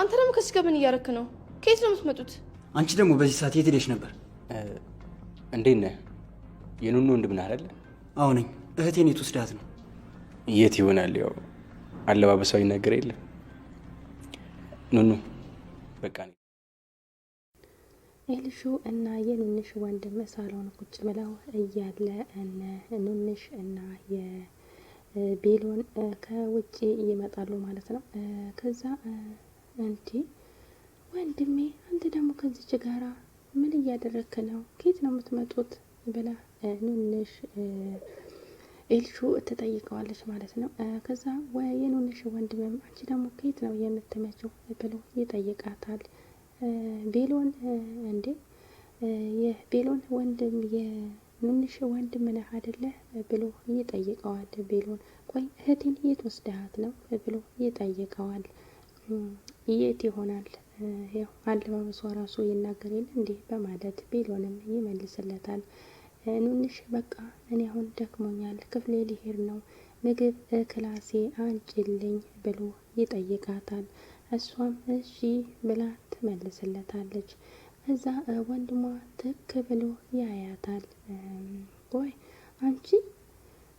አንተ ደግሞ ከዚህ ጋር ምን እያረክ ነው? ከየት ነው የምትመጡት? አንቺ ደግሞ በዚህ ሰዓት የት ሄደሽ ነበር? እንዴት ነህ? የኑኑ ወንድም ነህ አይደለ? አዎ ነኝ። እህቴን የት ወስዳት ነው? የት ይሆናል? ያው አለባበሳዊ ነገር የለም ኑኑ በቃ የልሹ እና የንንሽ ወንድም ሳሎን ቁጭ ብለው እያለ እነ ንንሽ እና የቤሎን ከውጭ ይመጣሉ ማለት ነው ከዛ እንዲ ወንድሜ አንተ ደግሞ ከዚች ጋራ ምን እያደረክ ነው? ከየት ነው የምትመጡት? ብላ ኑንሽ ኤልሹ ትጠይቀዋለች ማለት ነው። ከዛ የኑንሽ ወንድምም አንቺ ደግሞ ከየት ነው የምትመጪው? ብሎ ይጠይቃታል። ቤሎን እንዴ የቤሎን ወንድም የኑንሽ ወንድም ነህ አይደለ? ብሎ ይጠይቀዋል። ቤሎን ቆይ እህቴን የት ወስደሃት ነው? ብሎ ይጠይቀዋል። የት ይሆናል ያው አለባበሷ ራሱ ይናገር የለ እንዲህ በማለት ቢሎንም ይመልስለታል። ኑንሽ በቃ እኔ አሁን ደክሞኛል፣ ክፍሌ ሊሄድ ነው፣ ምግብ ክላሴ አንጭልኝ ብሎ ይጠይቃታል። እሷም እሺ ብላ ትመልስለታለች። እዛ ወንድሟ ትክ ብሎ ያያታል። ቆይ አንቺ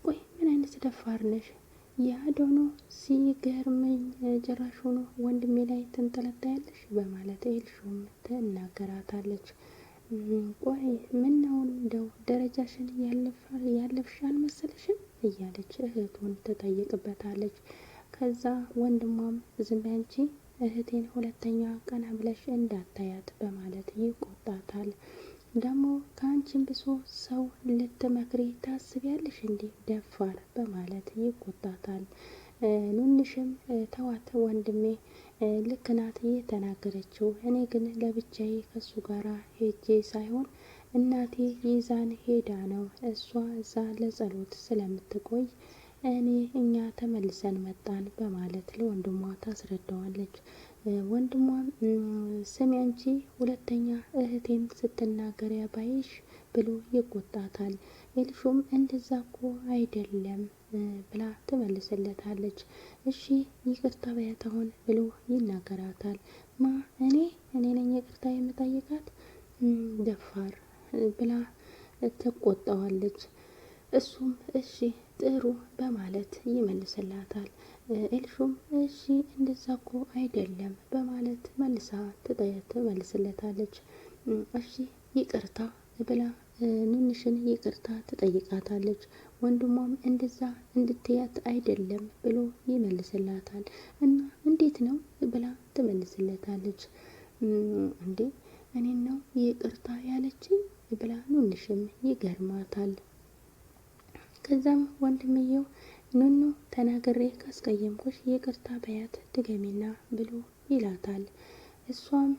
ቆይ ምን አይነት ደፋር ነሽ ያዶኖ ሲገርመኝ ጭራሽ ሆኖ ወንድሜ ላይ ትንጠለጠያለሽ በማለት ኤልሹም ትናገራታለች። ቆይ ምን ነው እንደው ደረጃሽን ያለፍሽ አልመሰለሽም እያለች እህቱን ትጠይቅበታለች። ከዛ ወንድሟም ዝም በይ አንቺ እህቴን ሁለተኛ ቀና ብለሽ እንዳታያት በማለት ይቆጣታል። ደግሞ ከአንቺን ብሶ ሰው ልትመክሪ ታስቢያለሽ እንዴ ደፋር በማለት ይቆጣታል። ኑንሽም ተዋት ወንድሜ ልክ ናት እየተናገረችው እኔ ግን ለብቻዬ ከሱ ጋራ ሄጄ ሳይሆን እናቴ ይዛን ሄዳ ነው። እሷ እዛ ለጸሎት ስለምትቆይ እኔ እኛ ተመልሰን መጣን በማለት ለወንድሟ ታስረዳዋለች። ወንድሟም ስሚ አንቺ ሁለተኛ እህቴን ስትናገር ያባይሽ ብሎ ይቆጣታል። ኤልሹም እንደዛ እኮ አይደለም ብላ ትመልስለታለች። እሺ ይቅርታ በያት አሁን ብሎ ይናገራታል። ማ እኔ እኔ ነኝ ይቅርታ የምጠይቃት ደፋር ብላ ትቆጣዋለች። እሱም እሺ ጥሩ በማለት ይመልስላታል። ኤልሹም እሺ እንደዛ እኮ አይደለም በማለት መልሳ ትመልስለታለች። እሺ ይቅርታ ብላ ኑንሽን ይቅርታ ትጠይቃታለች። ወንድሟም እንደዛ እንድትያት አይደለም ብሎ ይመልስላታል። እና እንዴት ነው ብላ ትመልስለታለች። እንዴ እኔን ነው ይቅርታ ያለችኝ ብላ ኑንሽም ይገርማታል። ከዛም ወንድምየው ኑኑ ተናግሬ ካስቀየምኩሽ ይቅርታ በያት ድገሚና ብሎ ይላታል። እሷም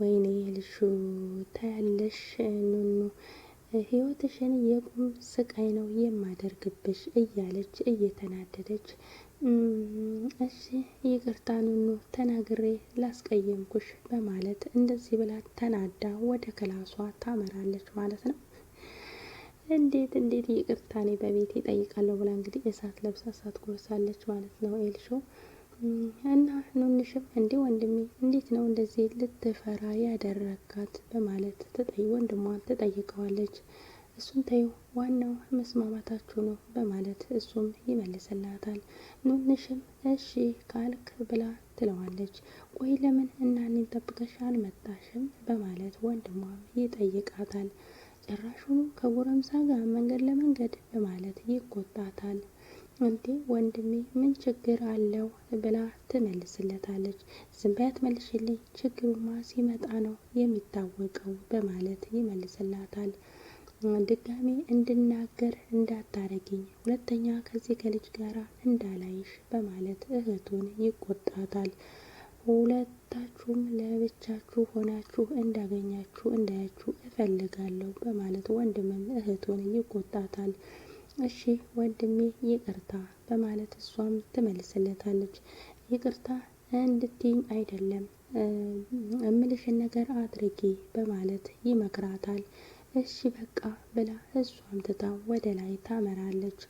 ወይኔ ልሹ ታያለሽ ኑኑ ህይወትሽን የቁም ስቃይ ነው የማደርግብሽ እያለች እየተናደደች እሺ ይቅርታ ኑኑ ተናግሬ ላስቀየምኩሽ በማለት እንደዚህ ብላ ተናዳ ወደ ክላሷ ታመራለች ማለት ነው። እንዴት እንዴት ይቅርታ እኔ በቤት ይጠይቃለሁ ብላ እንግዲህ እሳት ለብሳ እሳት ጎርሳለች ማለት ነው ኤልሾ እና ኑንሽም እንዴ ወንድሜ እንዴት ነው እንደዚህ ልትፈራ ያደረጋት በማለት ተጠይ ወንድሟን ትጠይቀዋለች። እሱን ተዩ ዋናው መስማማታችሁ ነው በማለት እሱም ይመልስላታል። ኑንሽም እሺ ካልክ ብላ ትለዋለች። ቆይ ለምን እናኔን ጠብቀሽ አልመጣሽም በማለት ወንድሟም ይጠይቃታል። ጭራሹኑ ከጎረምሳ ጋር መንገድ ለመንገድ በማለት ይቆጣታል። እንዴ ወንድሜ ምን ችግር አለው ብላ ትመልስለታለች። ዝም በይ አትመልሽልኝ፣ ችግሩማ ሲመጣ ነው የሚታወቀው በማለት ይመልስላታል። ድጋሜ እንድናገር እንዳታረግኝ ሁለተኛ ከዚህ ከልጅ ጋር እንዳላይሽ በማለት እህቱን ይቆጣታል። ሁለታችሁም ለብቻችሁ ሆናችሁ እንዳገኛችሁ እንዳያችሁ እፈልጋለሁ በማለት ወንድምም እህቱን ይቆጣታል። እሺ ወንድሜ ይቅርታ በማለት እሷም ትመልስለታለች። ይቅርታ እንድትይኝ አይደለም እምልሽን ነገር አድርጊ በማለት ይመክራታል። እሺ በቃ ብላ እሷም ትታ ወደ ላይ ታመራለች።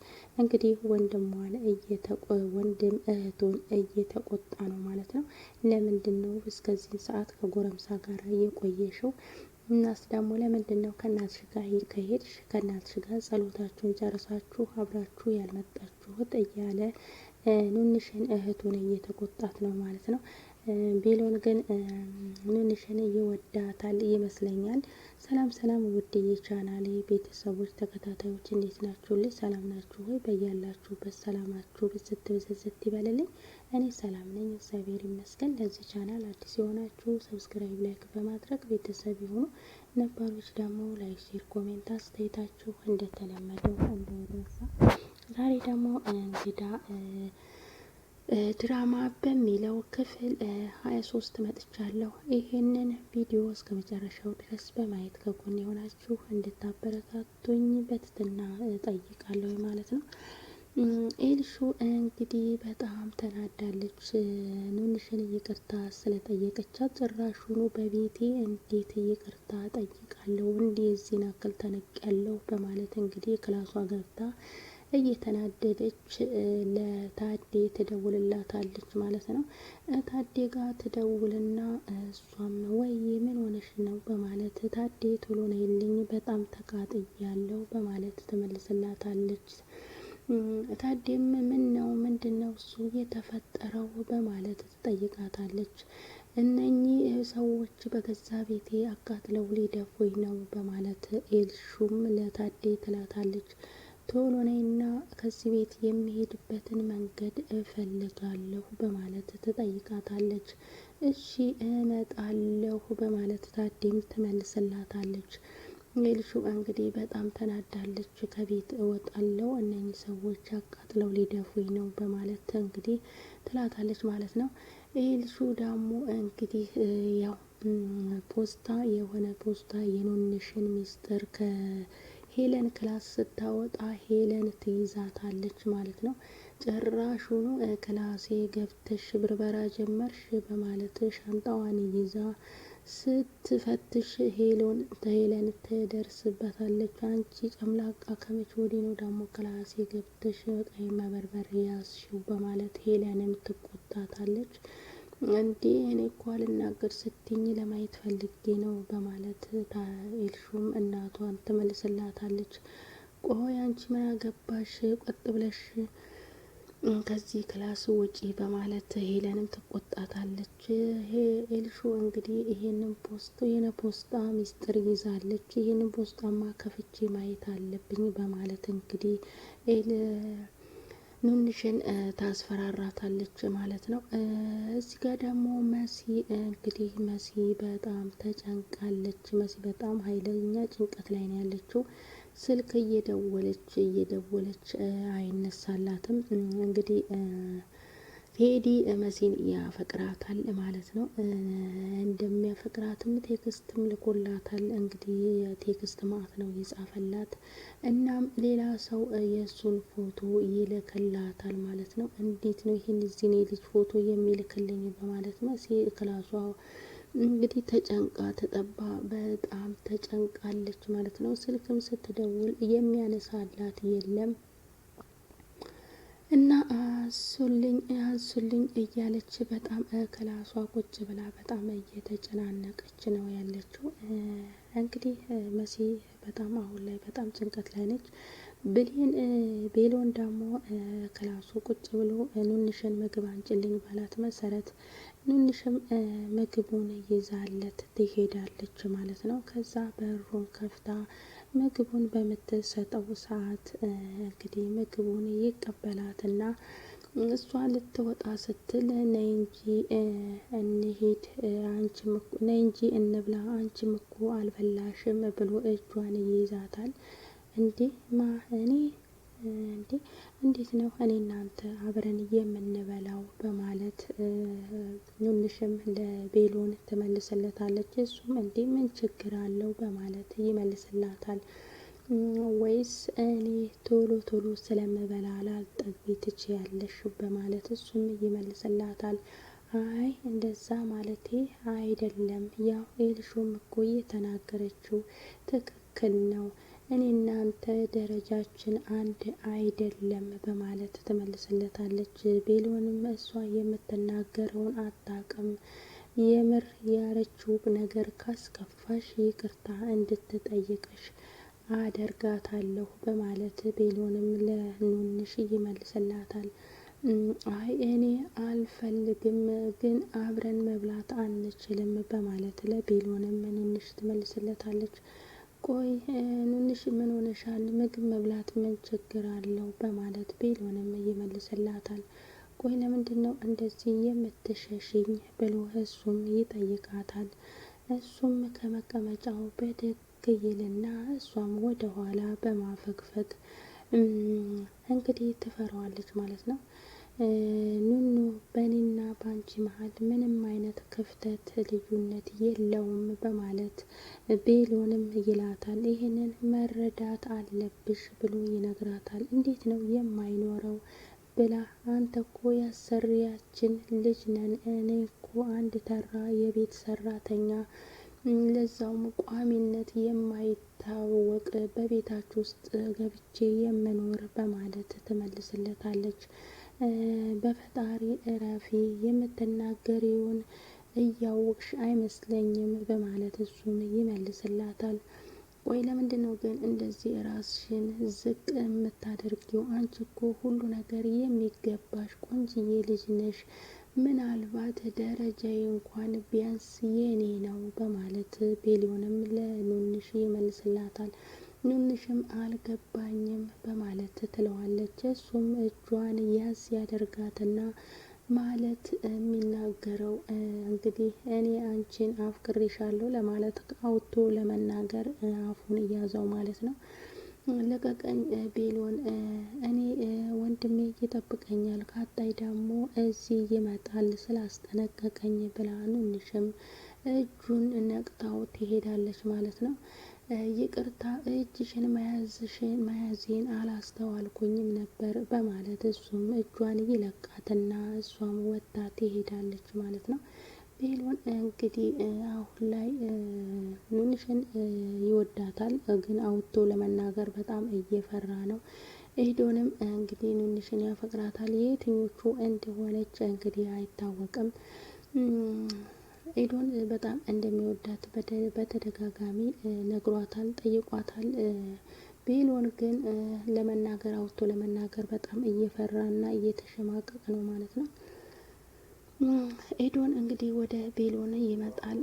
እንግዲህ ወንድሟን ወንድም እህቱን እየተቆጣ ነው ማለት ነው። ለምንድን ነው እስከዚህን ሰዓት ከጎረምሳ ጋር የቆየሽው? እናስ ደግሞ ለምንድን ነው ከእናትሽ ጋር ከሄድሽ ከእናትሽ ጋር ጸሎታችሁን ጨርሳችሁ አብራችሁ ያልመጣችሁት? እያለ ኑንሽን እህቱን እየተቆጣት ነው ማለት ነው። ቤሎን ግን ኑንሽን ይወዳታል ይመስለኛል። ሰላም ሰላም፣ ውድ የቻናሌ ቤተሰቦች ተከታታዮች እንዴት ናችሁልኝ? ሰላም ናችሁ ሆይ? በያላችሁበት ሰላማችሁ ብስት ብስት ይበልልኝ። እኔ ሰላም ነኝ፣ እግዚአብሔር ይመስገን። ለዚህ ቻናል አዲስ የሆናችሁ ሰብስክራይብ፣ ላይክ በማድረግ ቤተሰብ የሆኑ ነባሮች ደግሞ ላይክ፣ ሼር፣ ኮሜንት አስተያየታችሁ እንደተለመደው እንደረሳ ዛሬ ደግሞ እንግዳ ድራማ በሚለው ክፍል ሀያ 23 መጥቻለሁ። ይህንን ቪዲዮ እስከ መጨረሻው ድረስ በማየት ከጎን የሆናችሁ እንድታበረታቱኝ በትትና ጠይቃለሁ ማለት ነው። ኤልሹ እንግዲህ በጣም ተናዳለች። ኑንሽን ይቅርታ ስለጠየቀቻት ጭራሹኑ በቤቴ እንዴት ይቅርታ ጠይቃለሁ እንዲህ እዚህን አክል ተነቅ ያለው በማለት እንግዲህ ክላሷ ገብታ እየተናደደች ለታዴ ትደውልላታለች ማለት ነው። ታዴ ጋር ትደውልና እሷም ወይ ምን ሆነሽ ነው በማለት ታዴ ቶሎ ነይልኝ በጣም ተቃጥያለሁ በማለት ትመልስላታለች። ታዴም ምን ነው ምንድን ነው እሱ የተፈጠረው በማለት ትጠይቃታለች። እነኚህ ሰዎች በገዛ ቤቴ አቃጥለው ሊደፉኝ ነው በማለት ኤልሹም ለታዴ ትላታለች። ቶሎ ነይና ከዚህ ቤት የሚሄድበትን መንገድ እፈልጋለሁ በማለት ትጠይቃታለች። እሺ እመጣለሁ በማለት ታዴም ትመልስላታለች። ሌልሹ እንግዲህ በጣም ተናዳለች። ከቤት እወጣለሁ እነኚህ ሰዎች አቃጥለው ሊደፉኝ ነው በማለት እንግዲህ ትላታለች ማለት ነው። ሌልሹ ደግሞ እንግዲህ ያው ፖስታ የሆነ ፖስታ የኑንሽን ሚስጥር ከ ሄለን ክላስ ስታወጣ ሄለን ትይዛታለች ማለት ነው። ጭራሹኑ ክላሴ ገብተሽ ብርበራ ጀመርሽ በማለት ሻንጣዋን ይዛ ስትፈትሽ ሄሎን ተሄለን ትደርስበታለች። አንቺ ጨምላቃ ከመች ወዲህ ነው ደግሞ ክላሴ ገብተሽ ቀይ መበርበር ያዝሽው በማለት ሄለንም ትቆጣታለች። እንዴ እኔ እኮ አልናገር ስትኝ ለማየት ፈልጌ ነው በማለት ኤልሹም እናቷን ትመልስላታለች። ቆይ አንቺ ምን አገባሽ? ቆጥ ብለሽ ከዚህ ክላስ ውጪ በማለት ሄለንም ትቆጣታለች። ኤልሹ እንግዲህ ይሄንን ፖስት ይህን ፖስታ ሚስጥር ይዛለች። ይህንን ፖስጣማ ከፍቼ ማየት አለብኝ በማለት እንግዲህ ኑንሽን ታስፈራራታለች ማለት ነው። እዚህ ጋር ደግሞ መሲ እንግዲህ መሲ በጣም ተጨንቃለች። መሲ በጣም ኃይለኛ ጭንቀት ላይ ነው ያለችው። ስልክ እየደወለች እየደወለች አይነሳላትም እንግዲህ ቴዲ መሲን ያፈቅራታል ማለት ነው። እንደሚያፈቅራትም ቴክስትም ልኮላታል። እንግዲህ የቴክስት ማት ነው የጻፈላት። እናም ሌላ ሰው የእሱን ፎቶ ይልክላታል ማለት ነው። እንዴት ነው ይህን እዚህን ልጅ ፎቶ የሚልክልኝ በማለት መሲ ክላሷ እንግዲህ ተጨንቃ ተጠባ በጣም ተጨንቃለች ማለት ነው። ስልክም ስትደውል የሚያነሳላት የለም። እና አዙልኝ አዙልኝ እያለች በጣም ክላሷ ቁጭ ብላ በጣም እየተጨናነቀች ነው ያለችው። እንግዲህ መሲ በጣም አሁን ላይ በጣም ጭንቀት ላይ ነች። ብሌን ቤሎን ደግሞ ክላሱ ቁጭ ብሎ ኑንሽን ምግብ አንጭልኝ ባላት መሰረት ኑንሽም ምግቡን ይዛለት ትሄዳለች ማለት ነው። ከዛ በሩን ከፍታ ምግቡን በምትሰጠው ሰዓት እንግዲህ ምግቡን እና እሷ ልትወጣ ስትል ነይ እንጂ እንሂድ፣ አንቺም ነይ እንጂ እንብላ፣ አንቺ ምኮ አልበላሽም ብሎ እጇን ይይዛታል። እንዴ ማ እኔ እንዴ እንዴት ነው እኔ እናንተ አብረን የምንበላው በማለት ትንሽም ለቤሎን ትመልስለታለች። እሱም እንዴ ምን ችግር አለው በማለት ይመልስላታል። ወይስ እኔ ቶሎ ቶሎ ስለምበላ ላልጠግቢ ትችያለሽ በማለት እሱም ይመልስላታል። አይ እንደዛ ማለቴ አይደለም፣ ያው ኤልሹም እኮ የተናገረችው ትክክል ነው እኔ እናንተ ደረጃችን አንድ አይደለም በማለት ትመልስለታለች። ቤሎንም እሷ የምትናገረውን አታቅም የምር ውብ ነገር ካስከፋሽ ይቅርታ እንድትጠይቅሽ አደርጋታለሁ በማለት ቤሎንም ለኑንሽ ይመልስላታል። አይ እኔ አልፈልግም ግን አብረን መብላት አንችልም በማለት ለቤሎንም ኑንሽ ትመልስለታለች። ቆይ ንንሽ ምን ሆነሻል? ምግብ መብላት ምን ችግር አለው? በማለት ቤሎንም ይመልስላታል። ቆይ ለምንድን ነው እንደዚህ የምትሸሽኝ? ብሎ እሱም ይጠይቃታል። እሱም ከመቀመጫው ብድግ ይልና እሷም ወደ ኋላ በማፈግፈግ እንግዲህ ትፈራዋለች ማለት ነው። ኑኑ በእኔና በአንቺ መሀል ምንም አይነት ክፍተት ልዩነት የለውም በማለት ቤሎንም ይላታል። ይህንን መረዳት አለብሽ ብሎ ይነግራታል። እንዴት ነው የማይኖረው ብላ አንተ እኮ ያሰሪያችን ልጅ ነን። እኔ እኮ አንድ ተራ የቤት ሰራተኛ ለዛውም ቋሚነት የማይታወቅ በቤታችሁ ውስጥ ገብቼ የምኖር በማለት ትመልስለታለች። በፈጣሪ እረፊ የምትናገሪውን እያወቅሽ አይመስለኝም በማለት እሱም ይመልስላታል። ቆይ ለምንድን ነው ግን እንደዚህ ራስሽን ዝቅ የምታደርጊው? አንቺ እኮ ሁሉ ነገር የሚገባሽ ቆንጅዬ ልጅ ነሽ። ምናልባት ደረጃዬ እንኳን ቢያንስ የኔ ነው በማለት ቤሊዮንም ለኑንሽ ይመልስላታል። ኑንሽም አልገባኝም በማለት ትለዋለች። እሱም እጇን ያዝ ያደርጋትና ማለት የሚናገረው እንግዲህ እኔ አንቺን አፍቅሬሻለሁ ለማለት አውቶ ለመናገር አፉን እያዘው ማለት ነው። ለቀቀኝ ቢሎን እኔ ወንድሜ ይጠብቀኛል፣ ካጣይ ደግሞ እዚህ ይመጣል ስላስጠነቀቀኝ ብላ ኑንሽም እጁን ነቅታው ትሄዳለች ማለት ነው። ይቅርታ እጅሽን መያዜን አላስተዋልኩኝም ነበር በማለት እሱም እጇን ይለቃትና እሷም ወጥታ ትሄዳለች ማለት ነው። ቤሎን እንግዲህ አሁን ላይ ኑንሽን ይወዳታል፣ ግን አውጥቶ ለመናገር በጣም እየፈራ ነው። ኤዶንም እንግዲህ ኑንሽን ያፈቅራታል። የትኞቹ እንደሆነች እንግዲህ አይታወቅም። ኤዶን በጣም እንደሚወዳት በተደጋጋሚ ነግሯታል፣ ጠይቋታል። ቤሎን ግን ለመናገር አውጥቶ ለመናገር በጣም እየፈራ እና እየተሸማቀቀ ነው ማለት ነው። ኤዶን እንግዲህ ወደ ቤሎን ይመጣል።